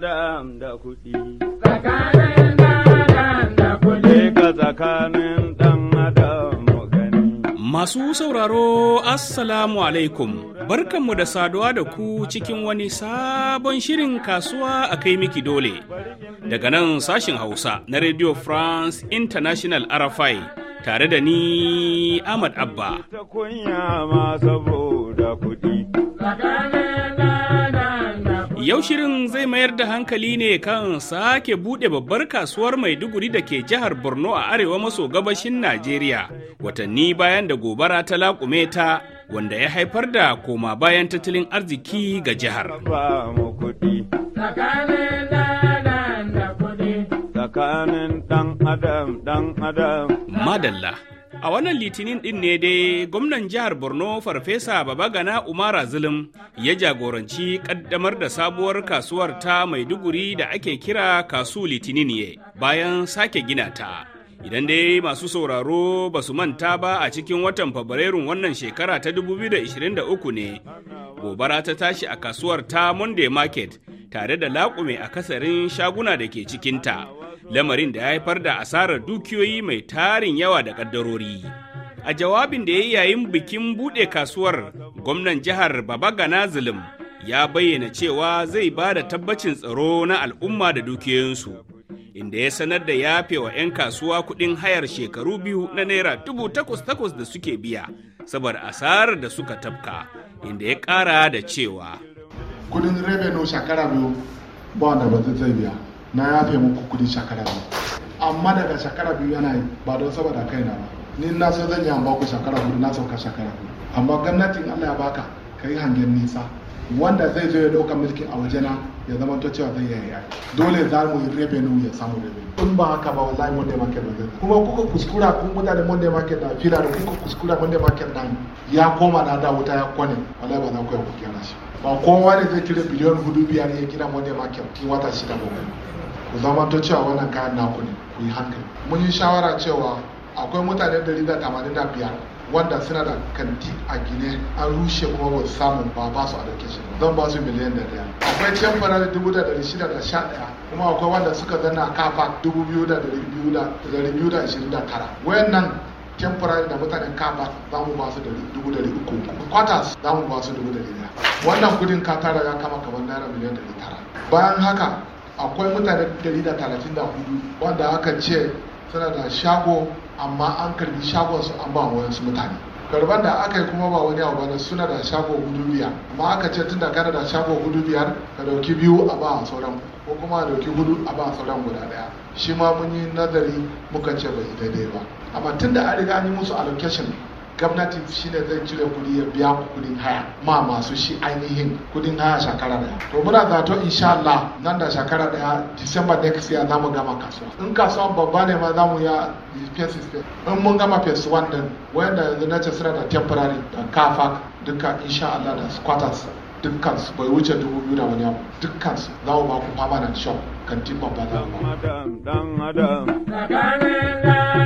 dam da kuɗi. Masu sauraro Assalamu alaikum, barkanmu da saduwa da ku cikin wani sabon shirin kasuwa a kai miki dole. Daga nan sashin Hausa na Radio France International RFI tare da ni Ahmad Abba. Yau shirin zai mayar da hankali ne kan sake buɗe babbar kasuwar Maiduguri da ke jihar Borno a arewa maso gabashin Najeriya, watanni bayan da gobara ta laƙume ta wanda ya haifar da koma bayan tattalin arziki ga jihar. Madalla. A wannan litinin ɗin ne dai gwamnan jihar Borno Farfesa Babagana Umara Zulum ya jagoranci ƙaddamar da sabuwar kasuwar ta Maiduguri da ake kira kasu litinin bayan sake gina ta. Idan dai masu sauraro ba su manta ba a cikin watan Fabrairun wannan shekara ta 2023 ne, gobara ta tashi a kasuwar ta Monday Market tare da laƙume a kasarin shaguna da ke cikinta. lamarin da ya haifar da asarar dukiyoyi mai tarin yawa da ƙaddarori. A jawabin da ya yi yayin bikin buɗe kasuwar gwamnan jihar Babagana Zulum ya bayyana cewa zai ba da tabbacin tsaro na al'umma da dukiyoyinsu, inda ya sanar da yafe wa 'yan kasuwa kuɗin hayar shekaru biyu na naira dubu takwas takwas da suke biya, saboda asarar da suka tafka, inda ya ƙara da cewa. Kudin shekara biyu ba zai biya. na yafe muku kudin shakara biyu amma daga shakara biyu yana yi ba don saboda kaina ba ni na so zan yi an baku shakara biyu na sauka shakara biyu amma gwamnatin allah ya baka ka yi hangen nisa wanda zai zo ya ɗauka mulkin a wajena ya zama to cewa zai yaya dole za mu yi revenue ya samu revenue in ba haka ba wallahi monday market ba zai kuma kuka kuskura kun mutane monday market da fila da kuka kuskura monday market da ya koma na da wuta ya kone wallahi ba za ku yi ku shi ba kowa ne zai kira biliyon hudu biyar ya gina monday market wata shida ba ku zama cewa wannan kayan naku ne ku yi hankali mun yi shawara cewa akwai mutane 185 wanda suna da kanti a gine an rushe kuma ba su samu ba ba su a dauke shi zan ba su miliyan da daya akwai can da dubu da dari shida da sha daya kuma akwai wanda suka zanna kafa dubu biyu da dari biyu da dari biyu da ashirin da tara wayannan temporary da mutanen kafa za mu ba su dubu dari uku quarters za mu ba su dubu dari daya wannan kudin ka tara ya kama kamar naira miliyan dari tara bayan haka akwai mutane dari talatin da hudu wanda aka ce suna da shago amma an karbi shagon su an ba wasu mutane karban da aka yi kuma ba wani abu bane suna da shago hudu biyar amma aka ce tunda kana da shago hudu biyar ka dauki biyu a ba sauran ko kuma a dauki hudu a ba sauran guda daya shi ma mun yi nazari muka ce bai daidai ba amma tunda an riga an yi musu allocation gwamnatin shi ne zai cire kuɗi ya biya ku kuɗin haya ma masu shi ainihin kuɗin haya shekara daya to muna zato insha Allah nan da shekara daya December next year za mu gama kasuwa in kasuwan babba ne ma za mu ya phase in mun gama phase wannan. din wanda yanzu na ce suna da temporary da kafa duka insha Allah da squatters dukkan su bai wuce dubu biyu da wani abu dukkan su za mu ba ku permanent shop kantin babba za mu ba.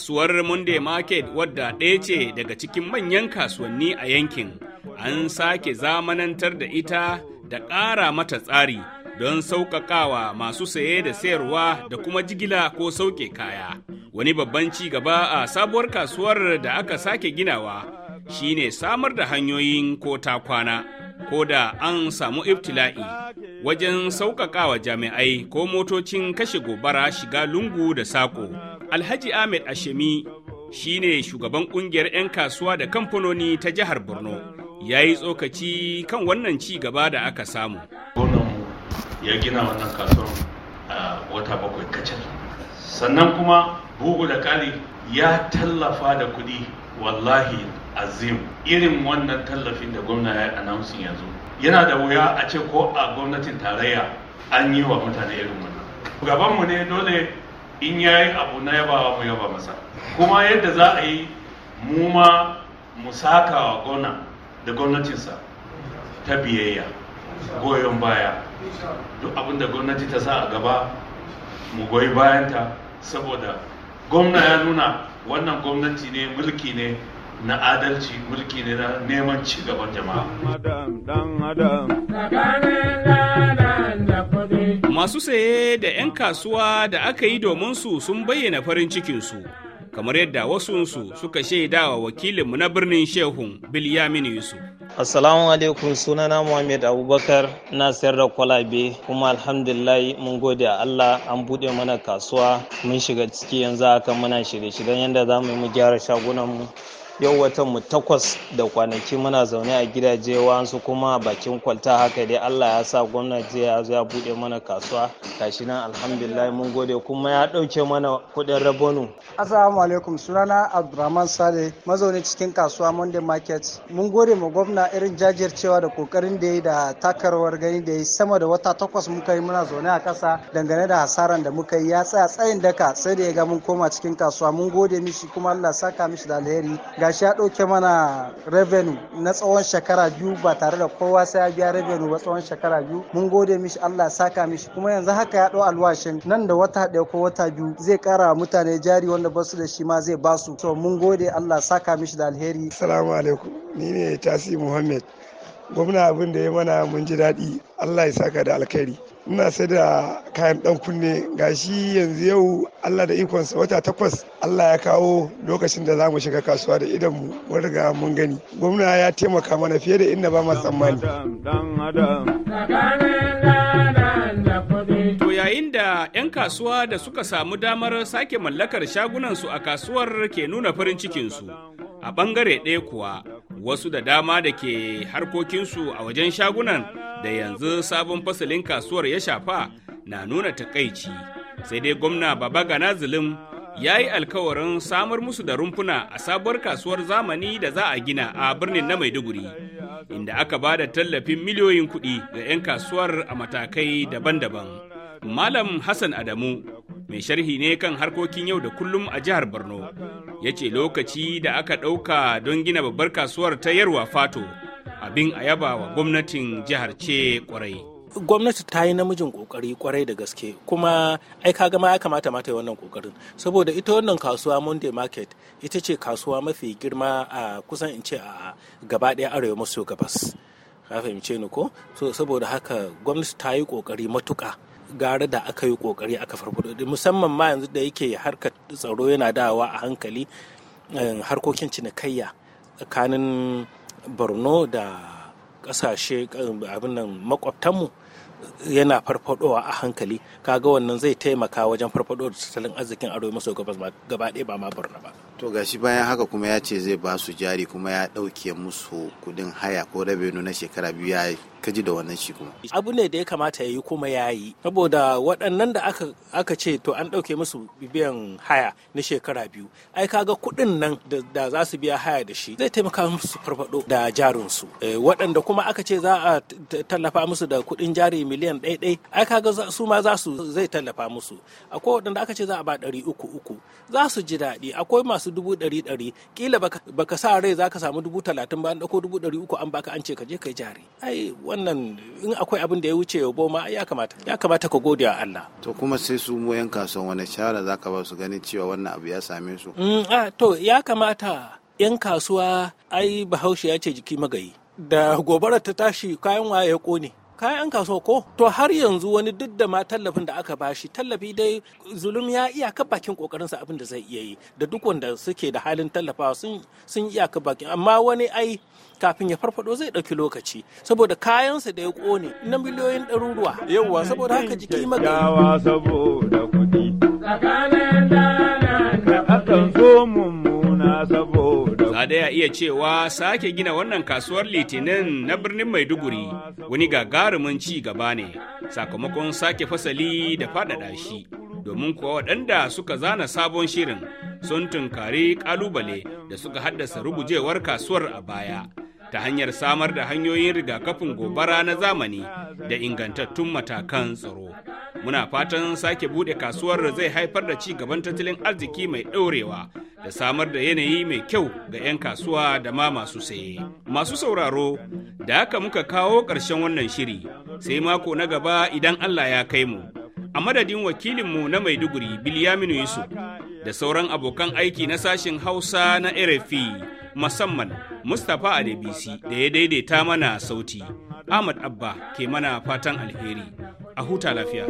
Kasuwar Monday Market wadda ɗaya ce daga cikin manyan kasuwanni a yankin, an sake zamanantar da ita da ƙara mata tsari don sauƙaƙawa masu saye da sayarwa da kuma jigila ko sauƙe kaya. Wani babban ci gaba a sabuwar kasuwar da aka sake ginawa shi ne samar da hanyoyin ko ta kwana, ko da an samu iftila'i. wajen sauƙaƙawa jami'ai ko motocin kashe gobara shiga lungu da saƙo Alhaji Ahmed Ashemi shi ne shugaban ƙungiyar 'yan kasuwa da kamfanoni ta jihar Borno ya yi tsokaci kan wannan ci gaba da aka samu. ya gina wannan kasuwar a wata bakwai kacal sannan kuma bugu da kali ya tallafa da kuɗi wallahi azim irin wannan tallafin da gwamna ya announcing yanzu yana da wuya a ce ko a gwamnatin tarayya an yi wa mutane irin wannan gabanmu ne dole in ya yi abu na yabawa mu yaba masa kuma yadda za a yi mu ma mu sakawa wa gwamna da gwamnatinsa ta biyayya goyon baya duk abin da gwamnati ta sa a gaba mu goyi bayanta saboda gwamna ya nuna wannan gwamnati ne mulki ne na adalci mulki ne na neman ci gaban jama'a Masu saye da 'yan kasuwa da aka yi domin su sun bayyana farin cikinsu, kamar yadda wasunsu suka shaida shaidawa wakilinmu na birnin Shehun Bilyamin Yusuf. Assalamu alaikum sunana Muhammad Abubakar na sayar da kwalabe kuma alhamdulillah mun gode a Allah an buɗe mana kasuwa mun shiga ciki yanzu haka muna shirye-shiryen yadda za mu yi mu gyara shagunan mu yau watan mu takwas da kwanaki muna zaune a gidaje wasu kuma bakin kwalta haka dai Allah ya sa gwamnati ya zo ya bude mana kasuwa gashi nan alhamdulillah mun gode kuma ya dauke mana kudin rabonu assalamu alaikum sunana Abdulrahman Sale mazauni cikin kasuwa Monday Market mun gode ma gwamna irin jajircewa da kokarin da yayi da takarwar gani da yayi sama da wata takwas muka yi muna zaune a kasa dangane da hasaran da muka yi ya tsaya tsayin daka sai da ya ga mun koma cikin kasuwa mun gode mishi kuma Allah saka mishi da alheri gashi ya ɗauke mana revenue na tsawon shekara biyu ba tare da kowa sai ya biya revenue ba tsawon shekara biyu mun gode mishi Allah ya saka mishi kuma yanzu haka ya ɗau alwashin nan da wata ɗaya ko wata biyu zai ƙara mutane jari wanda basu da shi ma zai basu so mun gode Allah ya saka mishi da alheri assalamu alaikum ni ne tasi muhammed gwamna abin da ya mana mun ji daɗi Allah ya saka da alkhairi ina sai da kayan dan kunne gashi yanzu yau Allah da ikonsa wata takwas Allah ya kawo lokacin da za mu shiga kasuwa da idan mu mun riga mun gani gwamna ya taimaka mana fiye da inda ba ma tsammani To yayin da 'yan kasuwa da suka samu damar sake mallakar shagunansu a kasuwar ke nuna farin cikinsu a bangare ɗaya kuwa wasu da dama da ke harkokinsu a wajen shagunan da yanzu sabon fasalin kasuwar ya shafa na nuna takaici sai dai gwamna baba gana ya yi alkawarin samar musu da rumfuna a sabuwar kasuwar zamani da za a gina a birnin na maiduguri inda aka ba da tallafin miliyoyin kuɗi ga 'yan kasuwar a matakai daban-daban malam hassan adamu mai sharhi ne kan harkokin yau da kullum a jihar borno ya ce lokaci da aka ɗauka don gina babbar kasuwar ta yarwa fato abin a yaba wa gwamnatin jihar ce kwarai. gwamnati ta yi namijin kokari kwarai da gaske kuma ai ka gama ya kamata mata yi wannan kokarin saboda ita wannan kasuwa monday market ita ce kasuwa mafi girma a kusan in ce a gaba ɗaya arewa maso gabas ka fahimce ni ko saboda haka gwamnati ta yi kokari matuka gara da aka yi kokari aka farfado musamman ma yanzu da yake harkar tsaro yana dawa a hankali eh, harkokin cinikayya tsakanin borno da kasashe eh, abin nan makwabtanmu yana farfadowa a hankali kaga wannan zai taimaka wajen farfado da tattalin arzikin arewa maso gabas gaba ɗaya ba ma borno ba to gashi bayan haka kuma ya ce zai ba su jari kuma ya ɗauke musu kudin haya ko rabenu na shekara biyu ya ka ji da wannan shi kuma abu ne da ya kamata ya yi kuma ya yi saboda waɗannan da aka, aka ce to an ɗauke musu biyan haya na shekara biyu ai kaga kuɗin nan da, za su biya haya da shi zai taimaka musu farfaɗo da jarinsu eh, waɗanda kuma aka ce za a tallafa musu da kuɗin jari miliyan ɗaya ai kaga su ma za su zai tallafa musu akwai waɗanda aka ce za a ba ɗari uku uku za su ji daɗi akwai masu dubu ɗari ɗari kila baka, sa rai za ka samu dubu talatin ba an ɗauko dubu ɗari uku an baka an ce ka je kai jari ai wannan in akwai abin da ya wuce ya boma ya kamata ya kamata ka gode wa Allah to kuma sai su mu yan kasuwan wani shara zaka ba su ganin cewa wannan abu ya same su mm, ah, to ya kamata yan kasuwa ai bahaushe ya ce jiki magayi da gobara ta tashi kayan waye ya kone kayan kasuwa ko to har yanzu wani duk da ma tallafin da aka bashi tallafi dai zulum ya iyaka bakin kokarinsa abin da zai iya yi da duk wanda suke da halin tallafawa sun sun iyaka bakin amma wani ai kafin ya farfado zai ɗauki lokaci saboda kayansa da ya kone na miliyoyin ɗaruruwa yauwa saboda haka jiki magana saboda kuɗi tsakanin da ka mummuna saboda za ya iya cewa sake gina wannan kasuwar litinin na birnin maiduguri wani gagarumin ci gaba ne sakamakon sake fasali da faɗaɗa shi domin kuwa waɗanda suka zana sabon shirin sun tunkari ƙalubale da suka haddasa rubujewar kasuwar a baya ta hanyar samar da hanyoyin rigakafin gobara na zamani da ingantattun matakan tsaro muna fatan sake bude kasuwar zai haifar da ci gaban tattalin arziki mai ɗorewa da samar da yanayi mai kyau ga 'yan kasuwa da ma masu saye masu sauraro da haka muka kawo ƙarshen wannan shiri sai mako na gaba idan allah ya kai mu a madadin wakilinmu na maiduguri bilyaminu yusuf da sauran abokan aiki na sashen hausa na rfi musamman mustapha adebisi da ya daidaita mana sauti ahmad abba ke mana fatan alheri a huta lafiya.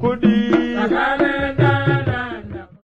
Kudi.